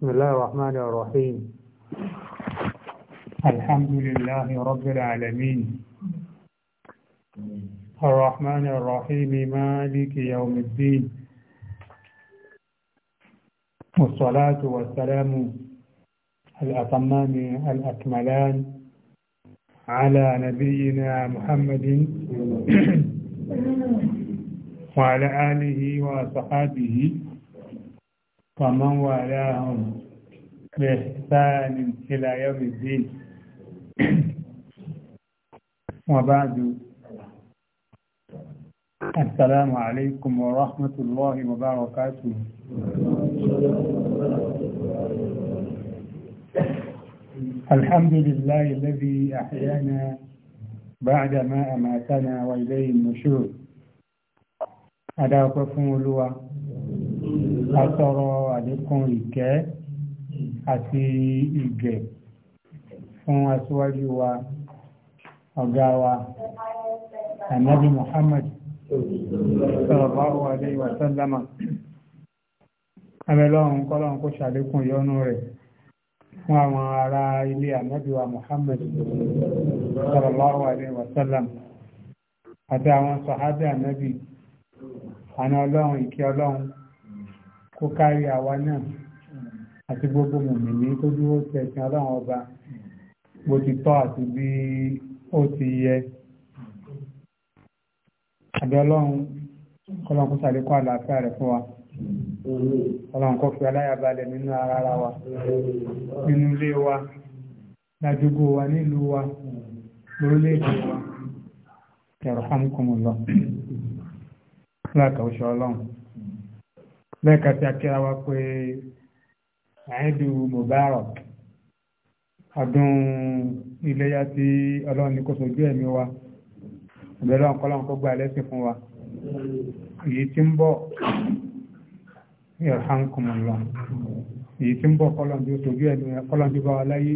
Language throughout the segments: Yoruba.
بسم الله الرحمن الرحيم الحمد لله رب العالمين الرحمن الرحيم مالك يوم الدين والصلاة والسلام الأتمان الأكملان على نبينا محمد وعلى آله وصحابه ومن والاهم بإحسان إلى يوم الدين وبعد السلام عليكم ورحمة الله وبركاته الحمد لله الذي أحيانا بعد ما أماتنا وإليه النشور أدعوكم الله atọrọ àlékún ìkẹ́ àti ìgẹ̀ fún aṣíwájú wa ọ̀gá wa anabi muhammad sallallahu alayhi wa sallama abẹ́lọ́run kọ́lọ́run kó ṣàlékún yọ́nú rẹ̀ fún àwọn ará ilé anabi wa muhammad sallallahu alayhi wa sallam àti àwọn sàhábẹ́ anabi àna ọlọ́run ìkẹ́ ọlọ́run kó kárí àwa náà àti gbogbo mùmìnì tó dúró tẹ̀sán ọlọ́run ọba bó ti tọ́ àti bí ó ti yẹ àbí ọlọ́run kọ́lọ́n kó ṣàlékún àlàáfíà rẹ̀ fún wa ọlọ́run kó fi aláyàbalẹ̀ nínú ara wa nínú ilé wa lájúgbó wa nílùú wa lórílẹ̀-èdè wa ẹ̀rọ hàmùkùnmù lọ láàkà òṣèlú ọlọ́run lẹ́ẹ̀ka tí a kíra wa pé àìdù mubarak ọdún iléyà tí ọlọ́run ní kó sojú ẹ̀mí wa ìbẹ̀rẹ̀ ọ̀kọ́lọ́run kó gbà lẹ́sìn fún wa èyí tí ń bọ̀ ìrọ̀hánkùnmọ̀lọ́ èyí tí ń bọ̀ kọ́lọ́run tí ó sojú ẹ̀mí wa tí bá wa láyé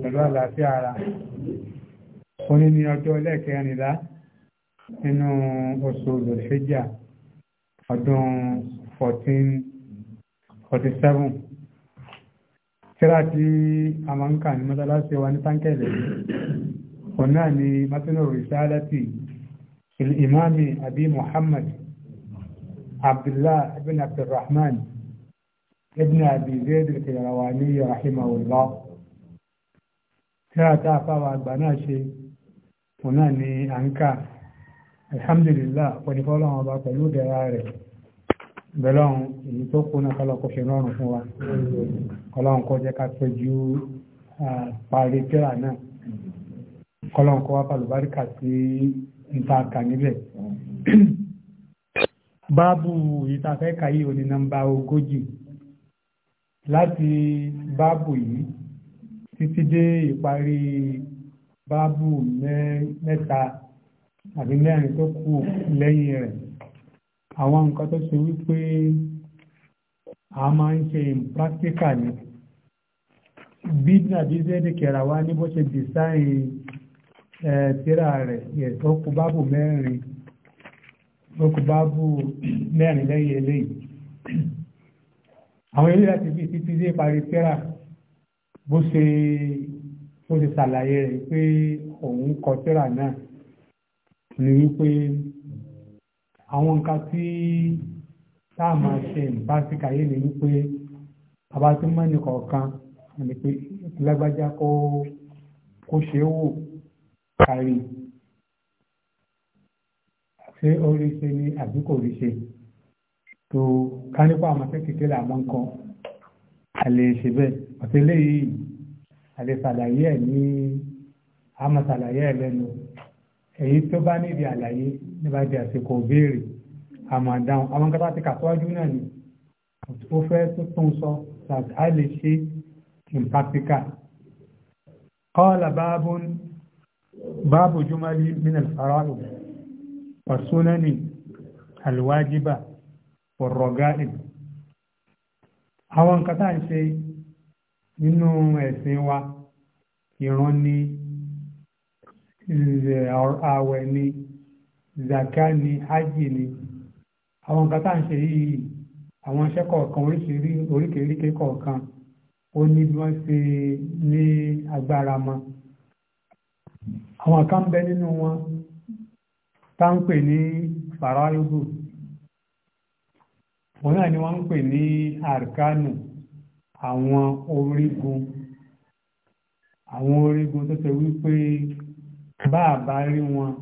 pẹ̀lú àlàáfíà ara òní ní ọjọ́ ẹlẹ́ẹ̀kẹrìnlá nínú oṣù lòṣèjà ọdún 1447 tíra tí a máa ń kà ní mọ́sálásí wa ní tánkẹ̀lẹ̀ òun náà ni matinu risalati imami abi muhammad abdullah ibn abdulrahman ibn abi zayd al-qirawani rahimahullah tíra tá a fáwọn àgbà náà ṣe òun náà ni à ń kà alhamdulillah pẹ̀lú fọ́lọ́wọ́n ọba pẹ̀lú ìdẹ̀ra rẹ̀ bẹ́lọ́run èyí tó kú náà kọ́lọ́ kó ṣe rọrùn fún wa kọ́lọ́run kó jẹ́ ká péjú parí tírà náà kọ́lọ́run kó wá pàlùbáríkà sí ìtaàkà níbẹ̀ báàbù ìtafẹ́ka yìí ò ní nọ́mbà ogójì láti báàbù yìí títí dé ìparí báàbù mẹ́ta àbí mẹ́rin tó kù lẹ́yìn rẹ̀ àwọn nǹkan tó ṣe wípé a máa ń ṣe impractical ni bí nàbíṣẹ́dì kẹra wá ní bó ṣe design tíra rẹ̀ yẹ̀tọ́ kú báàbù mẹ́rin lókù báàbù mẹ́rin lẹ́yìn eléyìí àwọn ilé láti fi títí dé parí tíra bó ṣe bó ṣe ṣàlàyé rẹ̀ pé òun kọ tíra náà ni wípé àwọn nǹkan tí táà máa ṣe ìbáṣíkà yé ni wípé bàbá tí mọ́ ní kọ̀ọ̀kan ni pé lágbájá kó kó ṣe é wò kárí ṣé ó rí ṣe ni àbí kò rí ṣe tó ká nípa àwọn akẹ́kẹ̀ẹ́ là máa ń kọ́ a lè ṣe bẹ́ẹ̀ ọ̀tẹ́lẹ̀ yìí a lè ṣàlàyé ẹ̀ ní a máa ṣàlàyé ẹ̀ lẹ́nu èyí tó bá níbi àlàyé nípa di àsìkò béèrè àmàdáhùn àwọn nǹkan bá ti kàtọ́jú náà ni ó fẹ́ tó tún sọ tàbí a lè ṣe in practical qala babun babu jumali min al-fara'id wa sunani àwọn nǹkan tá à ń ṣe nínú ẹ̀sìn wa ìran ni àwẹ̀ ni zaka ni hajj ni àwọn nǹkan tá à ń ṣe yìí àwọn iṣẹ́ kọ̀ọ̀kan oríṣiríṣi oríkèéríkèé kọ̀ọ̀kan ó ní bí wọ́n ṣe ní agbára mọ́ àwọn kan bẹ nínú wọn tá ń pè ní faraibu wọn náà ni wọ́n ń pè ní arkanu àwọn orígun àwọn orígun tó ṣe wípé bá a bá rí wọn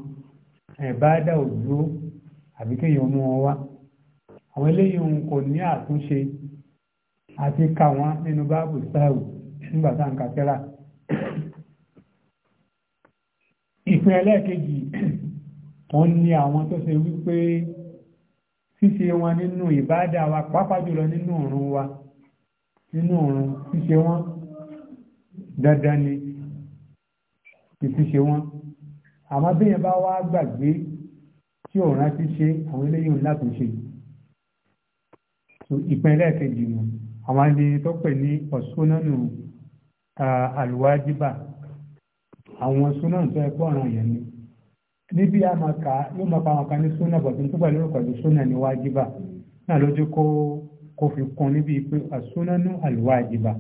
ẹ̀bá dá òdúró àbí kéèyàn mú wọn wá àwọn eléyìí òun kò ní àtúnṣe àti kà wọn nínú báàbù sáàrù nígbà tá à ń ka tẹ́ra ìpín ẹlẹ́ẹ̀kejì wọ́n ní àwọn tó ṣe wípé ṣíṣe wọn nínú ìbáàdà wa pàápàá jùlọ nínú ọ̀run wa nínú ọ̀run ṣíṣe wọn dandan ni ìfiṣe wọn àmọ́ bí yẹn bá wá gbàgbé tí ò rántí ṣe àwọn eléyìí láti ṣe ìpínlẹ̀ kejì nù àwọn ẹni tó pè ní ọ̀ṣúnánù àlùwájíbà àwọn súnánù tó ẹgbọ́ ọ̀ràn yẹn ni níbi àmàkà yóò máa pa àwọn kan ní súnà bọ̀dé tó pẹ̀lú orúkọ ìlú súnà ní wájíbà náà lójú kó kó fi kún níbi pé àsúnánù àlùwájíbà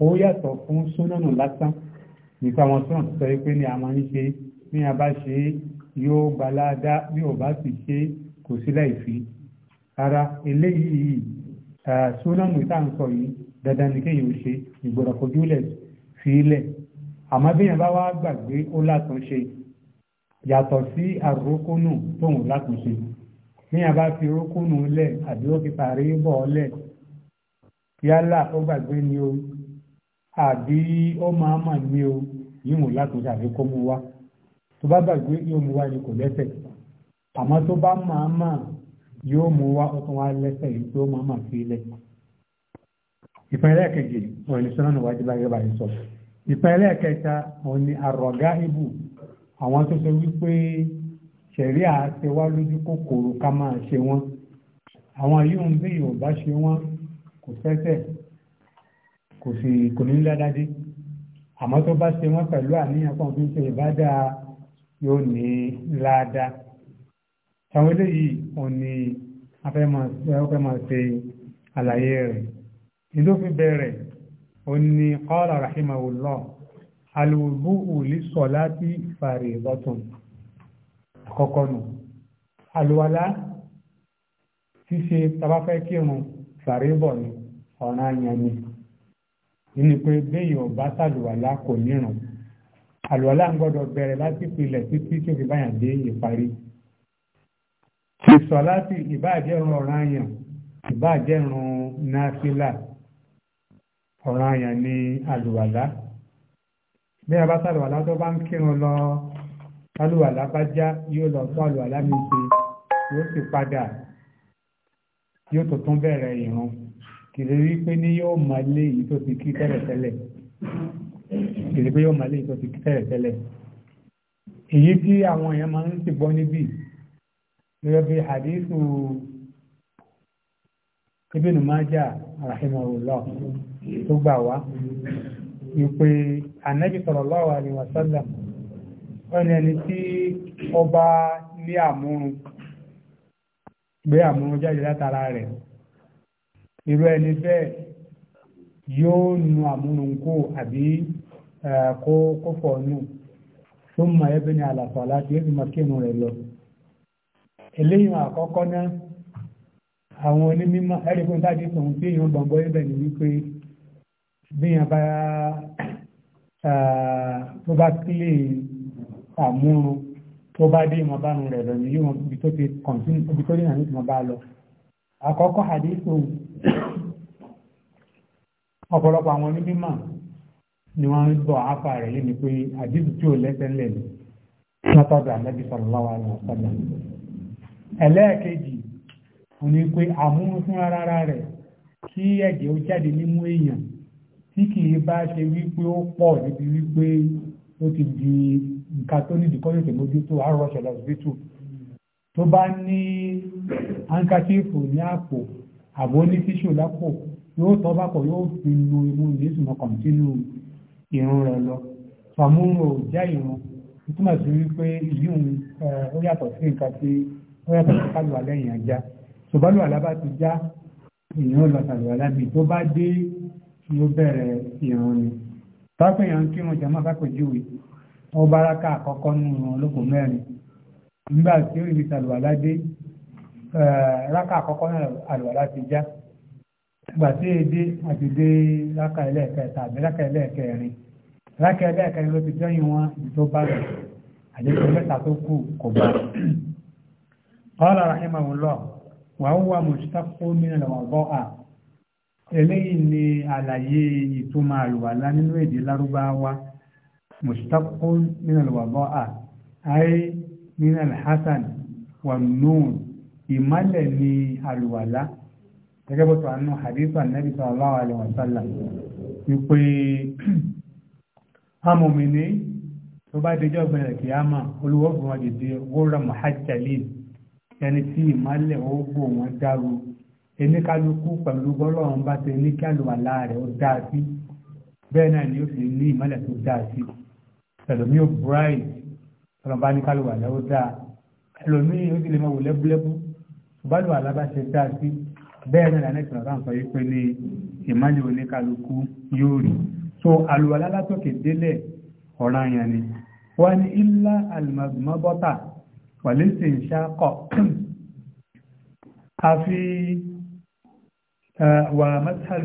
ó yàtọ̀ fún súnánù lásán nípa àwọn súnà tó sọ pé ní a máa ń ṣe ní a bá ṣe é yóò gbalada bí ò bá sì ṣe kò sí láìfi ara eléyìí súnánù tá à yìí dandan ni kéèyàn ó ṣe ìgbọ̀dọ̀ fojú lẹ̀ fi lẹ̀ àmọ́ bí yẹn bá wá gbàgbé ó látúnṣe yàtọ̀ sí àrókónù tóun látúnṣe bí yẹn bá fi rókónù lẹ̀ àbí ó fi parí bọ̀ lẹ̀ yálà ó gbàgbé ni o àbí ó máa mà ní o yíwọ̀n látúnṣe àbí kó mú wá tó bá gbàgbé yóò mú wá ni kò lẹ́sẹ̀ àmọ́ tó bá máa máa yóò mú wá ó tún wá lẹ́sẹ̀ yìí tó máa máa fi lẹ̀. ìpínlẹ̀ kejì òun ni sọ́nà wájú bá yẹ́bà yìí sọ ìpínlẹ̀ kẹta òun ni àrọ̀gá ibù àwọn tó sọ wípé ṣẹ̀rí àti lójú kòkòrò ká máa ṣe wọ́n àwọn yóò ń bí yorùbá ṣe wọ́n kò sẹ́sẹ̀ kò sì kò ní ládádé àmọ́ tó bá ṣe wọ́n pẹ̀lú àníyàn kan tó ṣe ìbádá yóò ní láàdá àwọn eléyìí òun ni a fẹ́ máa ṣe àlàyé rẹ̀ ìlú fi bẹ̀rẹ̀ òun ni qala rahimahullah alwudu'u lissolati faridatun àkọ́kọ́ nù àlùwàlá ṣíṣe tabafẹ́ kírun fàríbọ̀ ni ọ̀ranyàn ni nínú pé béèyàn bá ṣàlùwàlá kò nírun àlùwàlá ń gbọ́dọ̀ bẹ̀rẹ̀ láti pilẹ̀ títí tí òfin báyà dé ìparí. ìsọ̀ láti ìbáàjẹ́rùn ọ̀ranyàn ìbáàjẹ́rùn náfìlà ọ̀ranyàn ní àlùwàlá. bí a bá sàlùwàlá tó bá ń kírun lọ sàlùwàlá bá já yóò lọ tún àlùwàlá mi ṣe yóò sì padà yóò tó tún bẹ̀rẹ̀ ìrun kì pé ní yóò mọ ilé yìí tó ti kí tẹ́lẹ̀tẹ́lẹ̀ kìlì pé yóò máa lè tó ti tẹ́lẹ̀ tẹ́lẹ̀ èyí tí àwọn èèyàn máa ń ti gbọ́ níbí gẹ́gẹ́ bí hadithu Ibn Majah rahimahullah tó gbà wá wípé Ànábì sallallahu alaihi wasallam ọ̀nà ẹni tí ọba ní àmúrun gbé àmúrun jáde látara rẹ̀ irú ẹni bẹ́ẹ̀ yóò nu àmúrun kó àbí Eh, kó fọ̀ọ́nù tó mọ̀ ẹbí ní àlàfà láti yóò fi mọ̀ kí rẹ̀ lọ eléyìn àkọ́kọ́ náà àwọn onímọ̀ ẹ̀rìkún tàbí tòun tí èèyàn gbọ̀ngbọ́ ibẹ̀ ní wípé bí yàn bá eh, tó bá kílè àmúrun tó bá dé ìmọ̀ bá rẹ̀ lọ nìyí wọn ibi tó ti kọ̀ǹtínú ibi tó dínà nípa bá lọ àkọ́kọ́ àdéhùn ọ̀pọ̀lọpọ̀ àwọn onímọ̀ ni wọ́n ń bọ̀ afa rẹ̀ lé ni pé àdìsí tí ò lẹ́sẹ̀ńlẹ̀ ni látọ̀dọ̀ ànábì sallallahu alaihi wasallam. ẹlẹ́ẹ̀kejì ò ní pé àmúmú fún rárá rẹ̀ kí ẹ̀jẹ̀ ó jáde nímú èèyàn tí kì bá ṣe wípé ó níbi wípé ó ti di nǹkan tó nídìí kọ́ tó bá ní ní àpò àbó fi nu imú ní ìrún rẹ̀ lọ fàmúrò jẹ́ ìrún túmọ̀ sí wípé ìyún ó yàtọ̀ sí nǹkan tí ó yàtọ̀ sí kálùwà lẹ́yìn ajá ṣùgbọ́n lùwàlá bá ti já ìyún lọ tàlùwà lábì tó bá dé ló bẹ̀rẹ̀ ìrún ni tọ́pẹ́ yẹn ń kírun jẹ́ máa fàpèjúwe ó báraka àkọ́kọ́ nínú ológun mẹ́rin nígbà tí ó rí mi tàlùwà gbàtí èdè àti dé láka ẹlẹ́ẹ̀kẹta àbí láka ẹlẹ́ẹ̀kẹrin láka ẹlẹ́ẹ̀kẹrin ló ti jẹ́yìn wọn ibi tó bá rẹ̀ àdéhùn mẹ́ta tó kù kò bá rẹ̀. qala rahimahullah wa huwa mushtaqqu min al-wadha'a eléyìí ni àlàyé ìtumọ̀ àlùwàlá nínú èdè lárúbáwá mushtaqqu min al-wadha'a ay min al-hasan wa nun ìmálẹ̀ ni àlùwàlá gẹ́gẹ́ bó ti wà nínú hadith anabi sallallahu alaihi wasallam wípé amòmìnì tó bá dejọ́ gbẹ̀rẹ̀ kì á mà olúwo fún wọn dìde wúrà muhajjalin ẹni tí ìmọ̀lẹ̀ ogbó wọn dàrú eníkálukú pẹ̀lú bọ́lọ́run bá ti ní kí àlùwàlá rẹ̀ ó dáa sí bẹ́ẹ̀ náà ni ó sì ní ìmọ̀lẹ̀ tó dáa sí ẹlòmí ò bright ọlọ́ba ní kálùwàlá ó dáa ẹlòmí ó sì lè máa wò lẹ́búlẹ́bú ṣùgbọ́n àlùwàlá dáa sí bẹ́ẹ̀ náà lànà ìtura sáà sọ yìí pé ní ìmáyé oníkálukú yóò rí so àlùwàlá látòkè délẹ̀ ọ̀ràn yẹn ni wọ́n ní ilá àlùmọ́bọ́tà wàlẹ́sì ń ṣàkọ́ àfi wà mẹ́tàl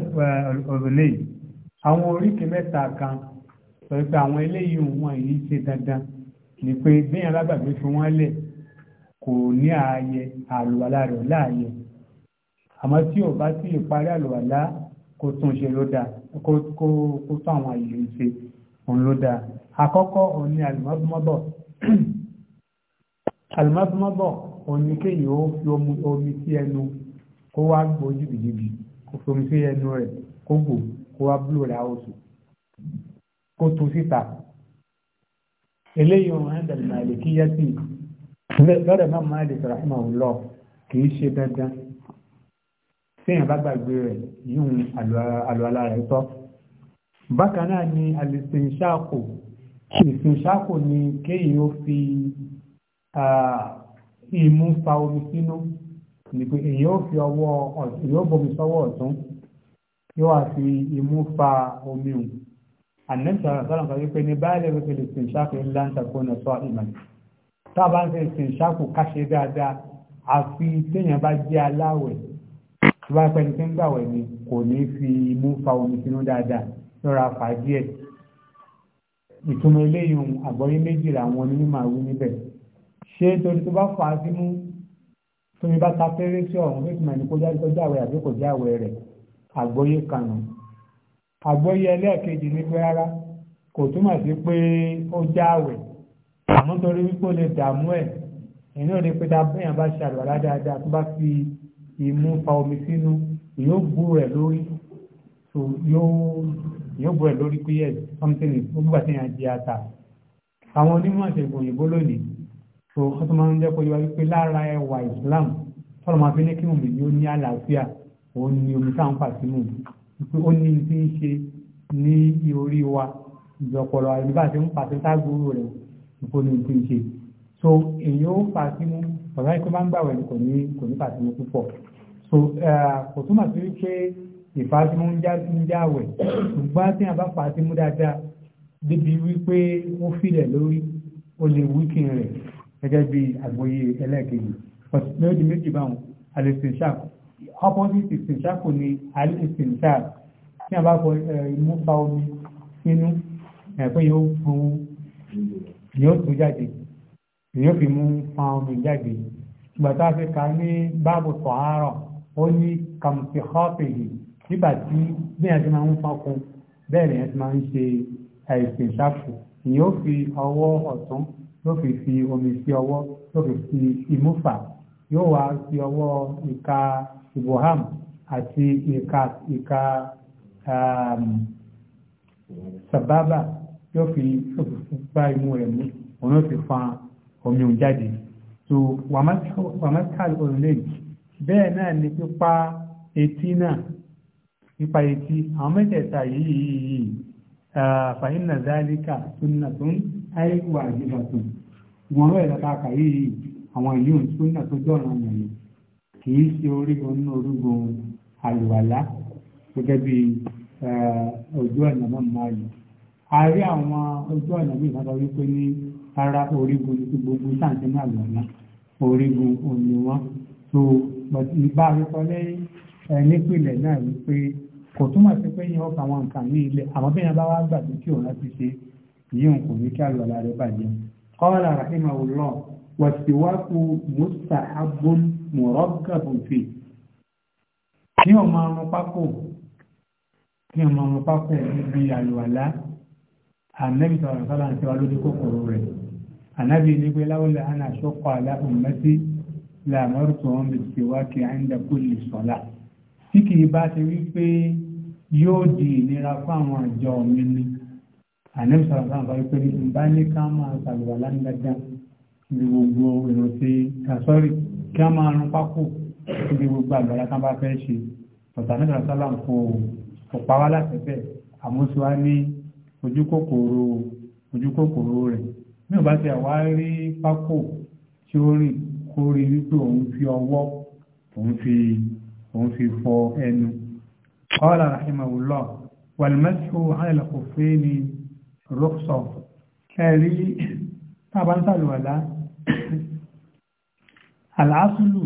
ọ̀rọ̀lẹ́ àwọn oríkèé mẹ́ta kan sọ pé àwọn eléyìí wọn yìí ṣe dandan ni pé bí alágbàgbé fi wọ́n lẹ̀ kò ní ààyè àlùwàlá rẹ̀ láàyè àmọ́ tí ò bá tí ìparí àlùwàlá kó tún ṣe ló dáa kó kó kó tún àwọn àyè ṣe òun ló dáa àkọ́kọ́ òun ni àlùmọ́bùmọ́bọ̀ àlùmọ́bùmọ́bọ̀ òun ni kéèyàn ó fi omi sí ẹnu kó wá gbó jìbìjìbì kó fi omi sí ẹnu rẹ̀ kó gbó kó wá búlò rà oṣù kó tu síta eléyìí òun ẹ̀ńdàlùmọ̀ àlèkíyẹ́sì lọ́dọ̀ náà máa lè sọ̀rọ̀ àmọ́ òun lọ kì í ṣe dandan téèyàn bá gbàgbé rẹ̀ yíhun àlùwàlá rẹ̀ tọ́ bákan náà ni alìsìnṣáàkò ìsìnṣáàkò ni kéèyàn ó fi ìmú fa omi sínú nígbè èyàn ó fi ọwọ́ èyàn ó bomi sọ́wọ́ ọ̀tún yóò wá fi ìmú fa omi hùn ànẹ́sà sọ́lọ́n kan wípé ní báyìí lè fi ìsìnṣáàkò ńlá ń tàkó ọ̀nà sọ ìmọ̀lẹ̀ tá a bá ń fi ìsìnṣáàkò káṣe dáadáa àfi téèyàn bá jẹ́ aláwẹ̀ tó bá pẹ́ni tí ń ni kò ní fi imú fa omi sínú dáadáa lọ́ra fà á díẹ̀ ìtumọ̀ eléyìí ohun àgbọ́yé méjì làwọn onímọ̀ àwọn níbẹ̀ ṣé torí tó bá fà á símú tómi bá ta fẹ́rẹ́ sí ọ̀run tó túmọ̀ ní kó jáde tó jáwẹ̀ àbí kò jáwẹ̀ rẹ̀ àgbọ́yé kanu àgbọ́yé ẹlẹ́ẹ̀kejì ní pé rárá kò túmọ̀ sí pé ó jáwẹ̀ àmọ́ torí wípé ó lè dààmú ẹ̀ ẹ̀yìn ò lè pe imú fa omi sínú yóò gbó rẹ̀ lórí so yóò yóò gbó rẹ̀ lórí pé yẹ something is ó gbà tí yẹn di ata àwọn onímọ̀ ìṣègùn òyìnbó lónìí so wọ́n tún máa ń jẹ́ kó yọ wípé lára ẹwà Islam tọ́lọ̀ máa fi ní kí omi yóò ní àlàáfíà òun ni omi táwọn fà sínú wípé ó ní ti ń ṣe ní orí wa ìjọpọ̀lọ̀ àìníbà ń pàṣẹ sáàgbóró rẹ̀ ìpò ní ti ń ṣe so èyí ó fà sínú ọ̀rá ikú máa ń gbàwẹ̀ kò ní kò ní pàṣẹ púpọ̀ so kò túmọ̀ sí wípé ìfàtímú ń jáwẹ̀ ṣùgbọ́n tí a bá fàtímú dáadáa débi wípé ó filẹ̀ lórí ó lè wíkìn rẹ̀ gẹ́gẹ́ bí àgbóyé ẹlẹ́ẹ̀kejì lórí méjì báwọn alẹ́sìnṣàk opposite ìsìnṣàk ni alẹ́sìnṣàk tí a bá kọ ìmúpa omi sínú ẹ̀pẹ́ yóò fún yóò tún jáde yóò fi mú fa omi jáde ìgbà tá a fi kà ní báàbù tọ̀hárọ̀ ó ní kàmùkì họ́pìlì nígbà tí bẹ́ẹ̀ ti máa ń fọkun bẹ́ẹ̀ lẹ́yìn ti máa ń ṣe àìsàn ṣáfù ìyẹn ó fi ọwọ́ ọ̀tún ló fi fi omi sí ọwọ́ ló fi fi imú fà yóò wá fi ọwọ́ ìka ibrahim àti ìka ìka um, sababa yóò fi gbá imú rẹ̀ mú òun yóò fi fa omi òun jáde so wàmásàlù ọ̀rùn lẹ́yìn bẹ́ẹ̀ náà ni pípa etí náà pípa etí àwọn mẹ́tẹ̀ẹ̀ta yìí yìí fàyínà zálíkà súnà tó ń àìwà àjíbà tó wọn rẹ̀ látàkà yìí àwọn yìí ń súnà tó jọ̀ràn àyàn kì í ṣe orígun nínú orígun àlùwàlá gẹ́gẹ́ bí ojú ọ̀nà náà máa yìí a rí àwọn ojú ọ̀nà bí ìfàtà wípé ní ara orígun gbogbo sáǹtì náà lọ́nà orígun òní wọn tó ìbá rúkọ lẹ́yìn nípìnlẹ̀ náà wípé kò túmọ̀ sí pé yẹn ọkàn àwọn nǹkan ní ilẹ̀ àmọ́ bí yẹn bá wá gbàgbé kí òun láti ṣe yíyún kò ní kí àlùwàlá rẹ̀ bàjẹ́. qala rahimahullah wàsíwákù mustahabun muraghabun fi. kí o máa rún pákó kí o máa rún pákó níbi àlùwàlá ànábì sọ̀rọ̀ sọ́lá ń ṣe lójú kòkòrò rẹ̀ ànábì ní pé láwùlẹ̀ àná àṣọ́kọ̀ àlá ummati làmọ́rùtò wọn bẹ̀ ṣe wá kí àìndà kó lè sọ́lá tí kì í bá ti wí pé yóò di ìnira fún àwọn àjọ mi ni àní sọ̀rọ̀ sáà sọ pé nbá ní ká máa ṣàlùwà lánàá ibi gbogbo èrò ti kàsọ́rì kí á máa rún pákó ibi gbogbo àgbàlá tán bá fẹ́ ṣe ọ̀tà ní sọ́lá ń fò kò wá láti bẹ́ẹ̀ àmúṣúwá ní ojúkòkòrò rẹ̀ mi ò bá ti pákó tí ó rìn kó rí wípé òun fi ọwọ́ òun fi òun fi fọ ẹnu qala rahimahullah wàlmẹ́sù àìlẹ̀kọ̀ fún ní rọ́ksọ̀ ẹ̀rí tàbá ń sàlùwàlá àlàásùlù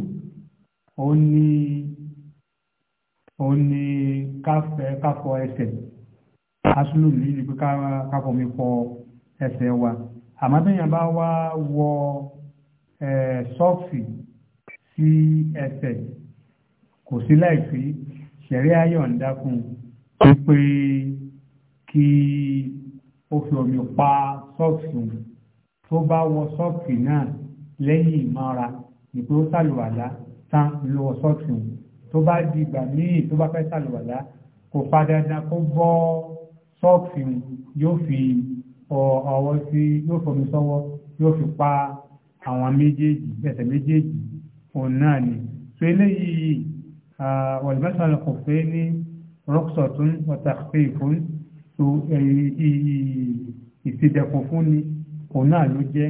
òun ni òun ni káfọ ẹsẹ̀ asùlù ní ìdí pé káfọ mi fọ ẹsẹ̀ wa àmọ́ bẹ́yàn bá wá wọ Eh, sọ́ọ̀sì sí ẹsẹ̀ kò sí láìsí ṣẹ̀rí ayọ̀ǹda fún un pé kí ó fi omi pa sọ́ọ̀sì tó bá wọ sọ́ọ̀sì náà lẹ́yìn ìmọ́ra ní pé ó sàlùwàlá tán ló wọ sọ́ọ̀sì tó bá di ìgbà míì tó bá fẹ́ sàlùwàlá kò padà dandan kó bọ́ sọ́ọ̀sì yóò fi ọwọ́ sí yóò fomi sọ́wọ́ yóò fi pa àwọn méjèèjì ẹsẹ̀ méjèèjì òun náà ni so eléyìí wọ̀lùmẹ́sàn alùpùpẹ́ ní rọ́ksọ̀tún ọ̀tàkùpẹ́ ìfún so ìfìdẹ̀kùn fún ni òun náà ló jẹ́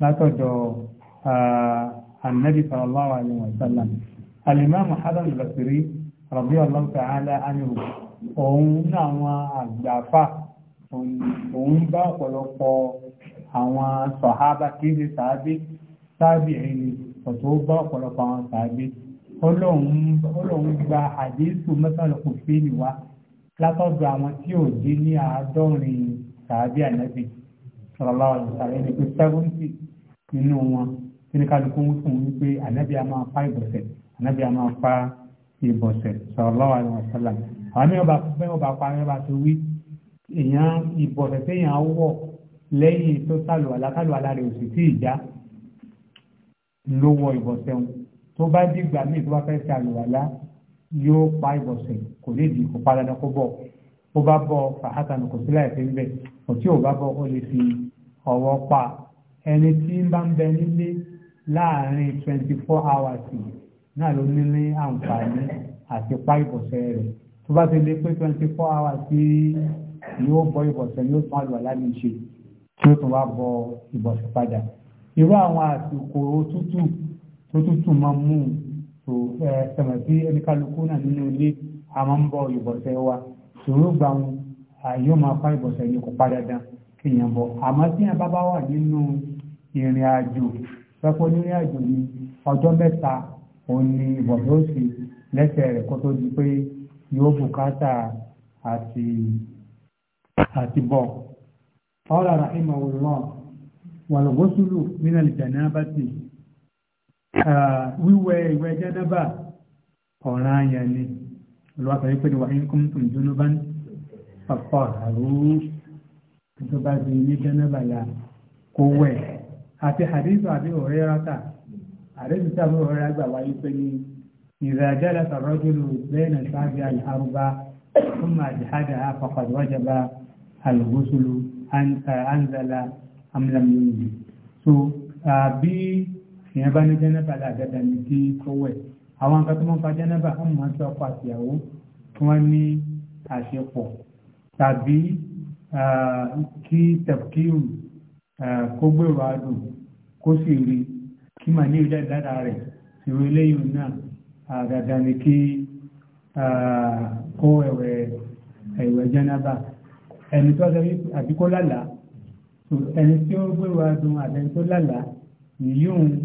látọ̀dọ̀ annabi sallallahu alaihi wa sallam alimami hasan basiri radiyallahu ta'ala anhu òun náà wọn àgbàfà òun bá ọ̀pọ̀lọpọ̀ àwọn sọ̀hábà kì í ṣe sàábé sáàbì ẹni ọ̀tọ̀ ó bá ọ̀pọ̀lọpọ̀ àwọn sàábé ọlọ́run gba àdéhùn mẹ́tàlá kò fi ní wá látọ̀dọ̀ àwọn tí ò dé ní àádọ́rin sàábé ànábì sọ̀rọ̀lá ọ̀sàrẹ́ ni tí ní ìbọ̀sẹ̀ ànábì èèyàn wọ̀ lẹ́yìn tó sálù àlákàlù aláre òsì tí ìjà ló wọ ìbọ̀sẹ̀ wọn tó bá dìgbà míì tó bá fẹ́ ṣe àlùwàlá yóò pa ìbọ̀sẹ̀ kò lè di kó padà náà kó bọ̀ ó bá bọ̀ fàhátànù kò sí láì fi ń bẹ̀ kò ò bá bọ̀ ó lè fi ọwọ́ pa ẹni tí ń bá ń bẹ nílé láàárín twenty four hours náà ló ní ní àǹfààní àti pa ìbọ̀sẹ̀ rẹ̀ tó bá ti lé pé twenty four hours yóò bọ́ ìbọ̀sẹ̀ yóò tún àlùwàlá ní í ṣe tí ó tún wá bọ ìbọ̀sẹ̀ padà irú àwọn àsìkò òtútù tó tútù máa ń mú tó ẹ̀sẹ̀mọ̀ sí ẹnikálukú náà nínú ilé a máa ń bọ ìbọ̀sẹ̀ wa ṣòro gbà wọn àyè ó máa fa ìbọ̀sẹ̀ yìí kó padà dán kí èèyàn bọ̀ àmọ́ tí yẹn bá bá wà nínú ìrìn àjò pẹ́pọ́ nínú àjò ní ọjọ́ mẹ́ta òun ni ìbọ̀sẹ̀ ó sì lẹ́sẹ̀ rẹ̀ kó tó di pé yóò bùkátà àti àti bọ̀. قال رحمه الله والغسل من الجنابة wíwẹ̀ ìwẹ̀ jẹ́nàbà ọ̀ràn àyàn ni olùwàsàn yìí pé ní wàhíń kún tún jóná bá ń pàpọ̀ àrùn tó bá ti ní jẹ́nàbà ya kó wẹ̀ àti àdéhùn àbí ọ̀rẹ́ ráta àdéhùn tàbí ọ̀rẹ́ àgbà wáyé pé ní ìrìnàjálà sàrọ́jùlù bẹ́ẹ̀ nà sáfì àlùhárùbá fún màjìhádà àfọkàdé wájàbá àlùgbóṣùlù anzala amlam yunzil so àbí èèyàn bá ní jẹ́nẹ́bà làgàdà ní kí kówẹ̀ àwọn nǹkan tó máa ń fa jẹ́nẹ́bà á máa ń sọ ọkọ àtìyàwó tí wọ́n ní àṣepọ̀ tàbí kí tẹ̀kíù kó gbèrò adùn kó sì rí kí màá ní ìjà ìdára rẹ̀ ìrò eléyìí náà àgàdà ní kí kó ẹ̀wẹ̀ jẹ́nẹ́bà ẹni tó ṣe àbí kó lálàá ẹni tí ó gbé wa dùn àtẹni tó lálàá yíyún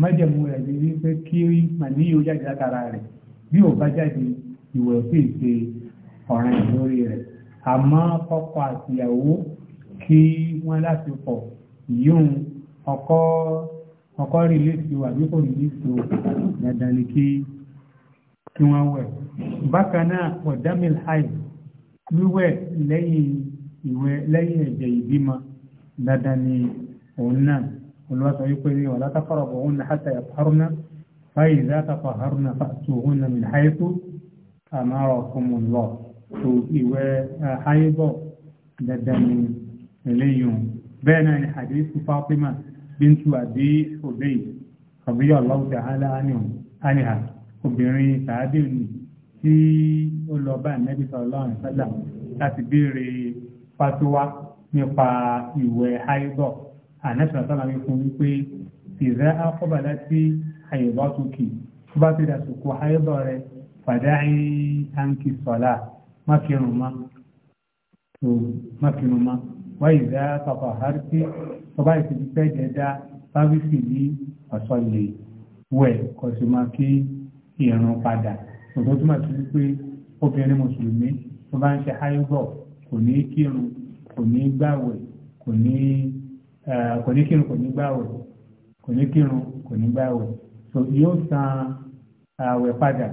májẹ̀mú rẹ̀ ni wípé kí màníyàn jáde látara rẹ̀ bí ò bá jáde ìwẹ̀ sí ìṣe ọ̀ràn ìlórí rẹ̀ àmọ́ ọkọ àtìyàwó kí wọ́n láti pọ̀ yíyún ọkọ ọkọ rí léṣe o àbí kò rí léṣe dandan ni kí wọ́n wẹ̀ bákan náà ọ̀dámìlì àìsàn wíwẹ̀ lẹ́yìn ìwẹ̀ lẹ́yìn ẹ̀jẹ̀ ìbímọ dandan ni òun náà olùwàsọ wípé ní wala taqrabuhunna hatta yatahharna fa idha tatahharna fa'tuhunna min haythu amarakumullah tó ìwẹ̀ ayébọ̀ eh, dandan ni eléyìí bẹ́ẹ̀ náà ni hadithu Fatima bíntu àbí òbẹ́yì radiyallahu ta'ala anha obìnrin tàbí òní tí ó lọ bá ànábì sallallahu alaihi wasallam láti béèrè fatuwa nípa ìwẹ̀ haidọ̀ ànábì sọ̀rọ̀ mi fún wípé tìrẹ́ akọ́bà láti haidọ̀ tukì tó bá ti dà sùkú haidọ̀ rẹ fàdáì hankì sọ̀lá mákìrùn mọ́ tó mákìrùn mọ́ wáyé dá pàpà hàrìsì tó bá ìsìnkú pẹ́ jẹ́ dá sáfíìsì ní ọ̀sọ̀ lè wẹ̀ kọ̀sùmọ́ kí ìrùn padà òtútù máa ti wípé obìnrin mùsùlùmí tó bá ń ṣe háyúgọ̀ kò ní kírun kò ní gbàwẹ̀ kò ní kò ní kírun kò ní gbàwẹ̀ kò ní kírun kò ní gbàwẹ̀ so yóò san àwẹ̀ padà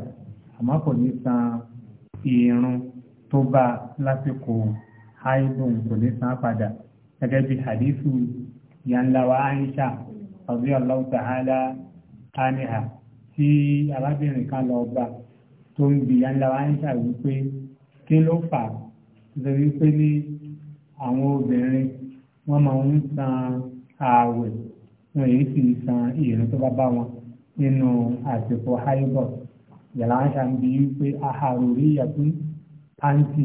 àmọ́ kò ní san ìrun tó bá lásìkò háyúgọ̀ kò ní san padà gẹ́gẹ́ bí hadithu yanlawa aisha radiyallahu ta'ala anha tí arábìnrin kan lọ bá tó ń bi yàndáwá ń ṣàwí pé kí ló fà á nítorí pé ní àwọn obìnrin wọ́n máa ń san ààwẹ̀ wọn èyí sì san ìrìn tó bá bá wọn nínú àsìkò haibot yàrá ń ṣàǹbí pé ahàrò rí yàtún pàǹtì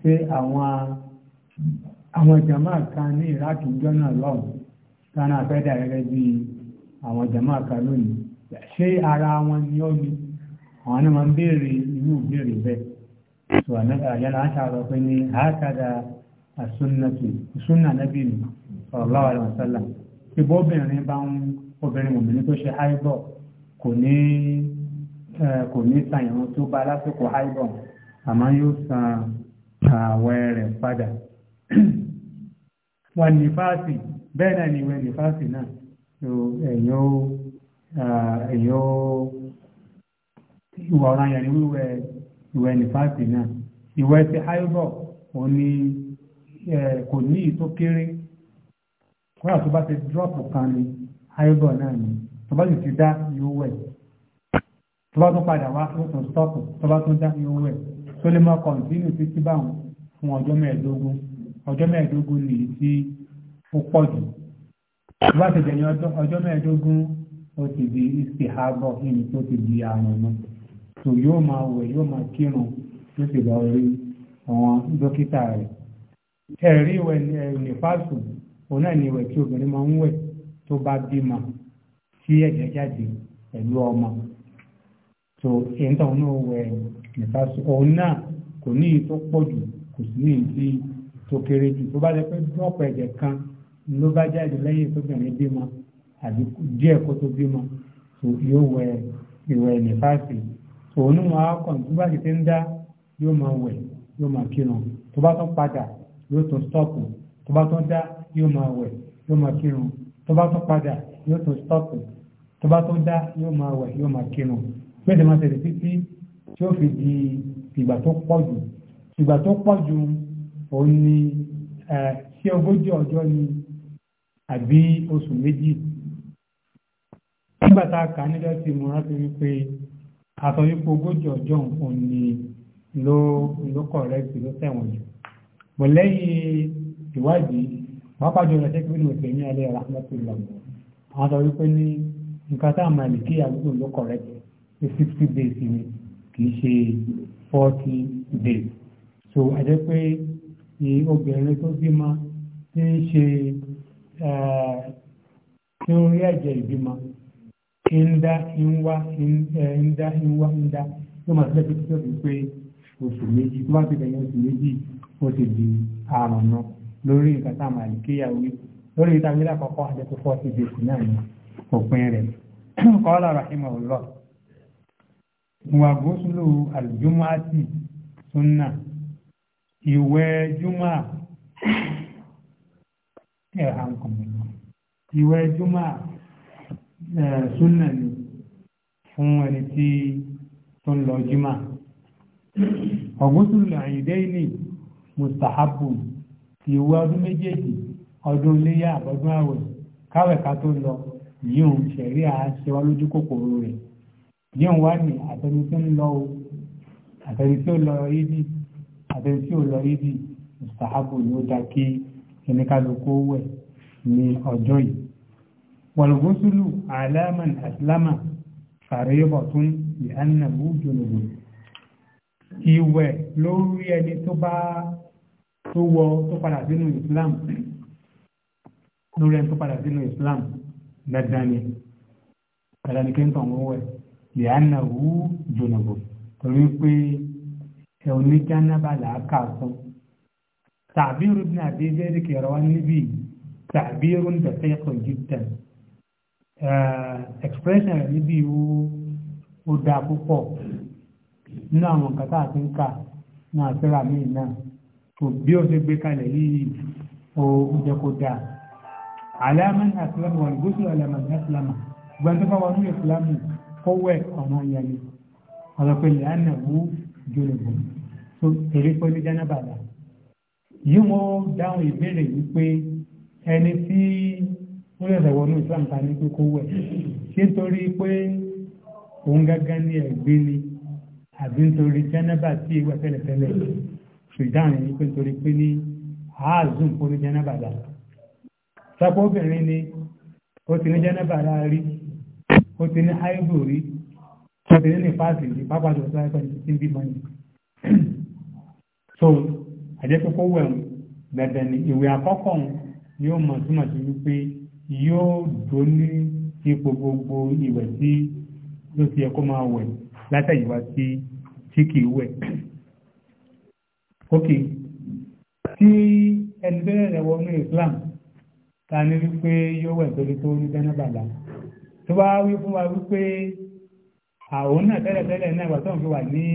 ṣé àwọn àwọn jàmáà kan ní ìrákì jọ́nà lọ́hùn tánà fẹ́ dà gẹ́gẹ́ bí àwọn jàmáà kan lónìí ṣé ara wọn ni ó ní àwọn náà máa ń béèrè irú béèrè bẹ́ẹ̀ tó àyàlá aṣáájú pé ní àákàdá àsúnnàtù ìsúnnà nàbí nù sallallahu alaihi wasallam pé bọ́bìnrin bá ń obìnrin obìnrin tó ṣe háìbọ̀ kò ní kò ní san ìrun tó bá san ààwẹ̀ rẹ̀ padà wà nífàásì bẹ́ẹ̀ ni ìwé nífàásì náà èyí ìwà ọ̀ràn yẹn ni wíwẹ̀ ìwẹ̀ nífàsì náà ìwẹ̀ ti háìbọ̀ òun ni kò ní ì tó kéré kódà tó bá ti dírọ́pù kan ni háìbọ̀ náà ni tó bá sì ti dá yóò wẹ̀ tó bá tún padà wá tó tún stọ́pù tó bá tún dá yóò wẹ̀ tó lè máa kọ̀ǹtínú títí báwọn fún ọjọ́ mẹ́ẹ̀ẹ́dógún ọjọ́ mẹ́ẹ̀ẹ́dógún nìyí tí ó pọ̀ jù tó bá ti jẹ̀yìn ọjọ́ mẹ́ẹ̀ẹ́dógún ó ti di ìsìhábọ̀ kí ni tó ti di àrùn náà tó yóò máa wẹ̀ yóò máa kírun yóò sì lọ rí àwọn dókítà rẹ̀ ẹ̀rí ìwẹ̀ nífàsù òun náà ni ìwẹ̀ tí obìnrin máa ń wẹ̀ tó bá bímọ tí ẹ̀jẹ̀ jáde pẹ̀lú ọmọ tó ìyẹntàn náà wẹ̀ nífàsù òun náà kò ní ìyí tó pọ̀ jù kò sí ní ìyí tí tó kéré jù tó bá jẹ́ pé dọ́pọ̀ ẹ̀jẹ̀ kan ló bá jáde lẹ́yìn tóbìnrin bímọ àbí díẹ̀ kó tó bímọ yóò wẹ̀ ìwẹ̀ nífàsù òun náà máa kàn tó bá sì ti ń dá yóò máa wẹ̀ yóò máa kírun tó bá tún padà yóò tún stọ́ọ̀pù tó bá tún dá yóò máa wẹ̀ yóò máa kírun tó bá tún padà yóò tún stọ́ọ̀pù tó bá tún dá yóò máa wẹ̀ yóò máa kírun gbẹ̀dẹ̀ máa tẹ̀lé títí tí ó fi di ìgbà tó pọ̀ jù ìgbà tó pọ̀ jù òun ni ṣé ogójì ọjọ́ ni àbí oṣù méjì nígbà tá a kà níjọ́ tí mo rántí wípé aṣọ yípo ogójì ọjọ́ nǹkan ni ló ló kọ̀rẹ́tì ló tẹ̀wọ̀n jù bọ̀ lẹ́yìn ìwádìí pàápàá jọ lọ́sẹ̀ pé mo tẹ̀yìn alẹ́ rahmatullah àwọn sọ wípé ní nǹkan tá a máa lè kí àdúgbò ló kọ̀rẹ́tì pé sixty days ni kì í ṣe forty days so àjẹ́ pé ni obìnrin tó bímọ ti ń ṣe eh, tí ó rí ẹ̀jẹ̀ ìbímọ ń dá ń wá ń dá ń wá ń dá ló máa tẹ́lẹ̀ tó tẹ́lẹ̀ pé oṣù méjì tó bá ti bẹ̀yìn oṣù méjì ó ti di àrùn náà lórí nǹkan tá a máa kéyà wí lórí ìta wílà kọ́kọ́ àti tó fọ́ọ̀tì di oṣù náà ní òpin rẹ̀ kọ́lá rahimahullah wà gúúsùlù àlùjúmọ́àtì súnà ìwẹ̀ júmọ́ ẹ̀ hàn kọ̀mọ̀lọ́ ìwẹ̀ júmọ́ súnà ni fún ẹni tí tó ń lọ jímà ọ̀gúnsùn àyídẹ́ ní mustahabu ti wá ọdún méjèèjì ọdún léyà àbọ̀dún àwẹ̀ káwẹ̀ká tó lọ yíò ṣẹ̀rí àṣẹ wá lójú kòkòrò rẹ̀ yíò wá ní àtẹni tó ń lọ o àtẹni tó lọ lọ yídì mustahabu ni ó dá kí ẹnikálukú wẹ̀ ní ọjọ́ yìí wàlúgúsùlù àlámàn àsìlámà fàríbọ̀tún ìhánàbù jòlòwò ìwẹ̀ lórí ẹni tó bá tó wọ tó padà sínú Islam lórí ẹni tó padà sínú Islam dandan ni dandan ni kéńtàn wọn wẹ̀ ìhánàbù jòlòwò torí pé ẹ oníjánábà làákà fún tàbí rúbìnà àdéjẹ́ ìdíkẹ̀rọ wa níbí tàbí rúbìnà tẹ́kọ̀ọ́ jù tẹ̀lé. Eh, expression rẹ̀ níbi ìwú ó dáa púpọ̀ nínú àwọn nǹkan tá a ti ń kà náà síra míì náà tó bí ó ṣe gbé kalẹ̀ yìí ó jẹ́ kó dáa aláàmì àtìlámù wà ní gúúsù aláàmì àtìlámù gbẹ́ntẹ́fà wà ní ìsìlámù kọ́wẹ́ ọ̀nà ìyàní ọ̀lọ́pẹ̀lẹ̀ àná wú jólòbó tó èrè pé ní jánábàdà yìí wọ́n dáhùn ìbéèrè wípé ẹni tí ó yẹ̀ sẹ̀wọ̀ ní islam ta ní kókó wẹ̀ ṣé nítorí pé òun gángan ní ẹ̀gbẹ́ ni àbí nítorí jẹ́nẹ́bà tí ìwẹ̀ tẹ́lẹ̀tẹ́lẹ̀ ṣùgbọ́n ní pé nítorí pé ní ààzùn kó ní jẹ́nẹ́bà dà sápọ̀ obìnrin ni ó ti ní jẹ́nẹ́bà dà rí ó ti ní áìbù rí ó ti ni so àjẹpẹ́ kó ni ìwé àkọ́kọ́ yóò dó ní ipò gbogbo ìwẹ̀ tí ló ti yẹ kó máa wẹ̀ látẹ̀yìnwá sí tí kìí wẹ̀. ok tí ẹni bẹ́ẹ̀ rẹ̀ wọnú Islam ta ní wípé yóò wẹ̀ torí tó ní dánábàlá tó bá wí fún wa wípé àwọn náà tẹ́lẹ̀tẹ́lẹ̀ náà ìwà tó ń fi wà ní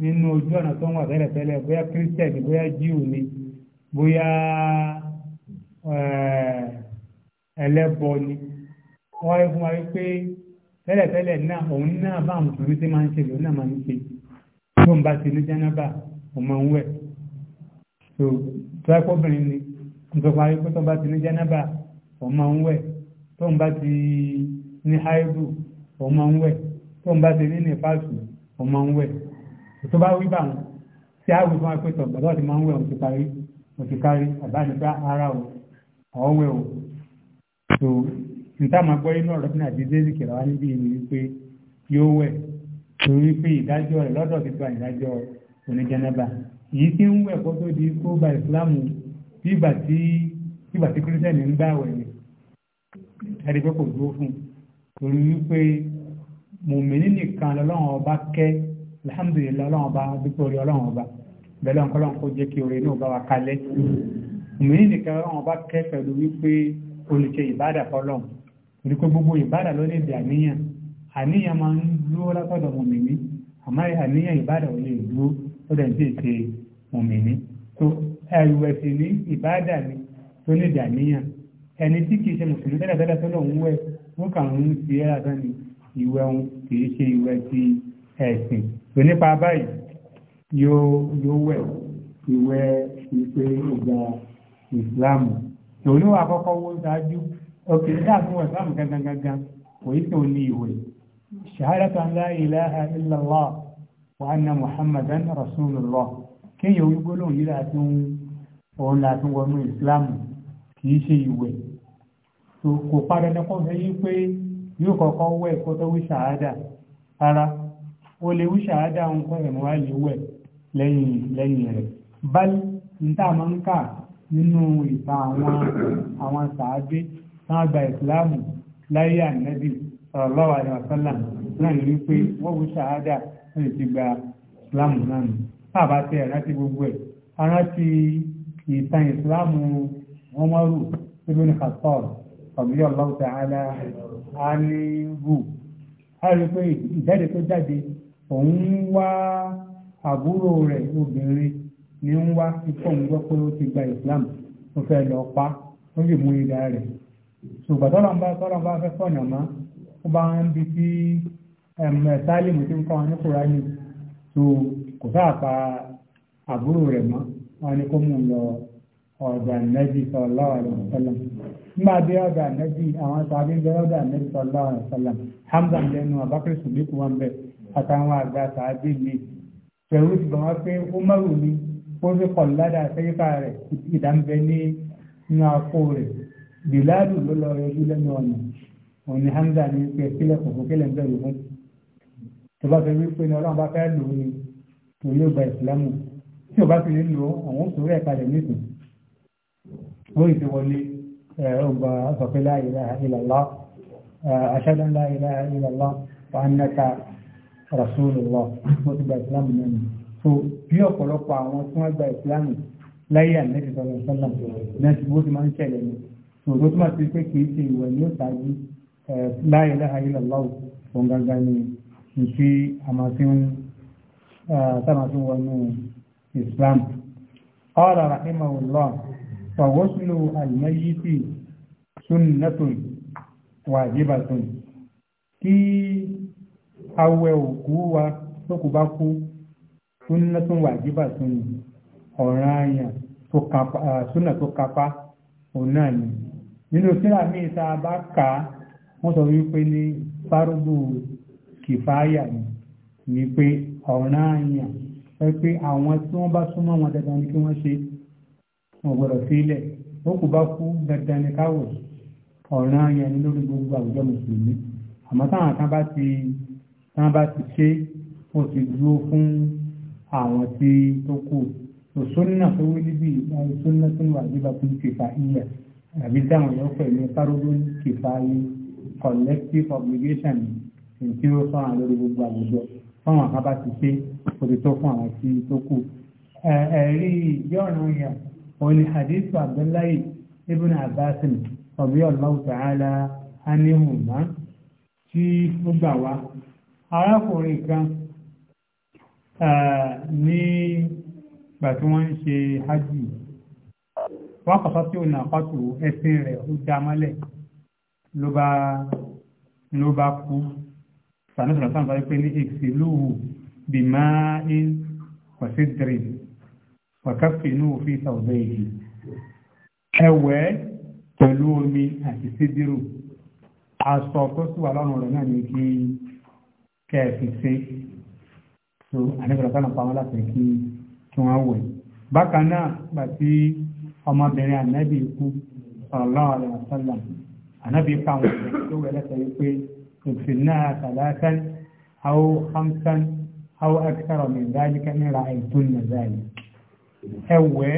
nínú ojú ọ̀nà tó ń wà tẹ́lẹ̀tẹ́lẹ̀ bóyá kírísítẹ̀nì bóyá jíù ni bóyá ẹ̀ẹ́ ẹlẹ́bọ ni wọ́n rí fún wa wípé tẹ́lẹ̀tẹ́lẹ̀ náà òun náà bá àwọn òṣèlú tí máa ń ṣe lòun náà máa ń ṣe tó ń bá ti ní jánábà ọmọ ń wẹ̀ tó tọ́ẹ́kọ́bìnrin ni ń sọ parí pé tó ń bá ti ní jánábà ọmọ ń wẹ̀ tó ń bá ti ní haidu ọmọ ń wẹ̀ tó ń bá ti ní nífàṣù ọmọ ń wẹ̀ tó bá wí báwọn tí a wù fún wa pé tọ̀ ti máa ń wẹ̀ òun ara ò ọ̀wẹ̀ so níta máa gbọ́ inú ọ̀rọ̀ fún àdídé ìkìlọ̀ wá níbí ni wípé yóò wẹ̀ torí pé ìdájọ́ rẹ̀ lọ́dọ̀ ti gba ìdájọ́ oníjẹnẹba èyí tí ń wẹ̀ kó tó di kó gba ìsìláàmù bígbà tí bígbà tí kírísítẹ́nì ń gbà wẹ̀ ni ẹni pé kò dúró fún torí wípé mùmíní nìkan lọ́lọ́run ọba kẹ́ alhamdulilayi ọlọ́run ọba dúpẹ́ orí ọlọ́run ọba bẹ́ẹ̀ lọ́nkọ́lọ́n kó jẹ́ kí orin náà bá wa kalẹ̀ mùmíní nìkan lọ́lọ́run ọba kẹ́ pẹ̀lú wípé olùṣe ìbádà fọlọ́run torí pé gbogbo ìbádà ló lè di àníyàn àníyàn máa ń dúró látọ̀dọ̀ mọ̀mìnì àmọ́ àníyàn ìbádà ò lè dúró lọ́dọ̀ ní ètè mọ̀mìnì tó ẹ̀rùwẹ̀sì ní ìbádà ni tó lè di àníyàn ẹni tí kìí ṣe mùsùlùmí tẹ́lẹ̀ tẹ́lẹ̀ tó lòun wẹ̀ wọ́n kàn ń fi ẹ́ àtọ́ ni ìwẹ̀ òun kìí ṣe ìwẹ̀ ti ẹ̀sìn tó nípa báyìí yóò wẹ̀ ìwẹ̀ ìpè ìgbà ìsìláàmù tòun wà kọ́kọ́ wó ṣáájú òkè dáàbò wọ̀ sáàmù gangan wòye tó ní ìwé ṣahadatu an la ilaha illallah wa anna muhammadan rasulullah kéèyàn orí gbólóhùn yìí láti ń òun láti wọnú ìsìláàmù kì í ṣe ìwé tó kò padà nẹ́kọ́ fẹ́ yí pé yóò kọ́kọ́ wẹ̀ kó tó wí ṣahada ara ó lè wí ṣahada ń kọ́ ẹ̀mọ́ àlè wẹ̀ lẹ́yìn rẹ̀ bá ń tà máa ń kà nínú ìta àwọn àwọn sàábé táwọn gba ìsìláàmù láyé ànábì sallallahu alaihi wasallam náà ní wípé wọ́n wú ṣàhádà wọ́n ti gba ìsìláàmù náà nù káàbá tẹ ẹ̀rántí gbogbo ẹ̀ arántí ìtàn ìsìláàmù Umaru ibn Khattab radiyallahu ta'ala anhu a rí pé ìjáde tó jáde òun wá àbúrò rẹ̀ obìnrin ní ń wá ikọ̀ ń gbọ́ pé ó ti gba Islam tó fẹ́ lọ pa ó sì mú ìdá rẹ̀ ṣùgbọ́n tọ́lọ́mbà tọ́lọ́mbà fẹ́ sọ̀nà mọ́ ó bá ń bi tí sálímù tí ń kọ́ wọn ní kúránì tó kò sáà pa àbúrò rẹ̀ mọ́ wọn ni kó mú un lọ ọ̀dà nẹ́bí sallallahu alaihi wasallam nígbà bí ọ̀dà nẹ́bí àwọn sàbí ń ọ̀dà nẹ́bí sallallahu alaihi Hamza ń lẹ́nu abakar sùdíkù wọn bẹ àtàwọn àgbà sàbí mi pẹ̀lú ìgbà wọn pé ó mọ̀rù mi bó ṣe kọ̀ ládàá sẹ́yíká rẹ̀ ìdánbẹ ní inú akó rẹ̀ bìláàdù ló lọ yọjú lẹ́nu ọ̀nà òun ni hamza ní pé kílẹ̀ kòkó kílẹ̀ ń bẹ̀rù fún tó bá fẹ́ wípé ní ọlọ́run bá fẹ́ lò ó ni tó yóò gba ìsìlámù tí ò bá fi lè lò ó àwọn òṣèré rẹ̀ nìkan ó ì wọlé ọgbà ọ̀sọ̀pẹ́ la ilaha illallah ashhadu an la ilaha mo ti gba ìsìlámù náà so bí ọ̀pọ̀lọpọ̀ àwọn tí wọ́n gba ìsìláàmù láyé àmẹ́sì sọ̀rọ̀ sọ́nà náà ti bó ti máa ń ṣẹlẹ̀ ni so tó túmọ̀ sí pé kì í ṣe ìwẹ̀ ní òṣáájú la ilaha illallah òun gangan ni nti àmàfin wọnú islam qala rahimahullah wa ghuslu al-mayyiti sunnatun wajibatun kí awẹ òkú wa tó kù bá kú súnà tó wàjíbà tó ní ọ̀ràn àyàn súnà tó kápá òun náà ni nínú síra míì tá a bá kà á wọ́n sọ wípé ní fárúgbù kìfáyà ni ni pé ọ̀ràn àyàn ẹ pé àwọn tí wọ́n bá súnmọ́ wọn dandan ni kí wọ́n ṣe wọn gbọ́dọ̀ sílẹ̀ ó kù bá kú dandan ni káwọ̀ ọ̀ràn àyàn ni lórí gbogbo àwùjọ mùsùlùmí àmọ́ táwọn kan bá ti ṣe ó ti dúró fún àwọn tí tó kù sùnnà tó wí níbí wọn sùnnà tó wà níbà tó ń kìfà ìyà àbí táwọn yóò pẹ̀lú fárúgbó kìfà yìí collective obligation tí ó sọ àwọn lórí gbogbo àwùjọ fáwọn kan bá ti ṣe òtítọ́ fún àwọn tí tó kù. ẹ̀rí yọ̀ọ̀nà yà òní hadithu abdullahi ibn abbas ọ̀bí ọ̀làwù tààlà ánìhùnmá tí ó gbà wá arákùnrin kan ní ìgbà tí wọ́n ń ṣe hajj wọ́n kọ̀sọ́ tí ò náà kọ́tù ẹsìn rẹ̀ ó dá mọ́lẹ̀ ló bá ló bá kú sànú sọ̀rọ̀ sáǹfà pé ní ìsìlúhù bí máa ń pọ̀sí dìrì wàkàfì inú òfin sàwùdọ̀ èyí ẹwẹ́ pẹ̀lú omi àti sídìrù aṣọ tó sì wà lọ́rùn rẹ̀ náà ní kí kẹ́ẹ̀fì sí so àníbẹ̀rẹ̀ sọ́nà pàwọn láti kí kí wọ́n wẹ̀ bákan náà gbà tí ọmọbìnrin ànábì ikú sallallahu alaihi wasallam ànábì ikú àwọn ọ̀rẹ́ tó wẹ̀ lẹ́sẹ̀ wípé òfin náà thalathan aw khamsan aw akthara min dhalika in ra'aytunna dhalika ẹ̀wẹ́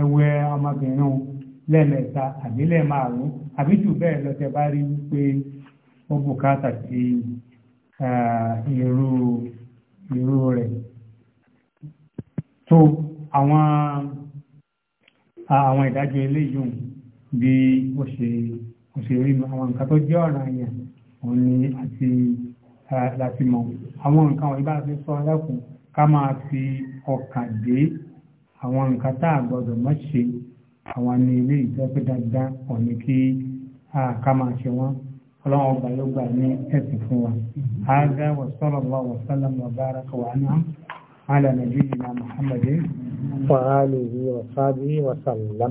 ẹ̀wẹ́ ọmọbìnrin lẹ́ẹ̀mẹ́ta àbí lẹ́ẹ̀márùn-ún àbí jù ìró rẹ̀ tó àwọn àwọn ìdájọ́ eléyìí bí ó ṣe ó ṣe rí àwọn nǹkan tó jẹ́ ọ̀ràn àyàn òun ni àti láti mọ̀ àwọn nǹkan wọ̀nyí bá fi sọ ẹlẹ́kùn ká máa fi ọkàn dé àwọn nǹkan tá a gbọ́dọ̀ mọ̀ ṣe àwọn ní ilé ìjọba dáadáa ọ̀nì kí ká máa ṣe wọ́n ọlọ́run ọba yóò gbà ní ẹ̀sìn fún wa. Ààgá wa sallallahu wa sallam wa baraka wa an'am ala nabiyyina Muhammadin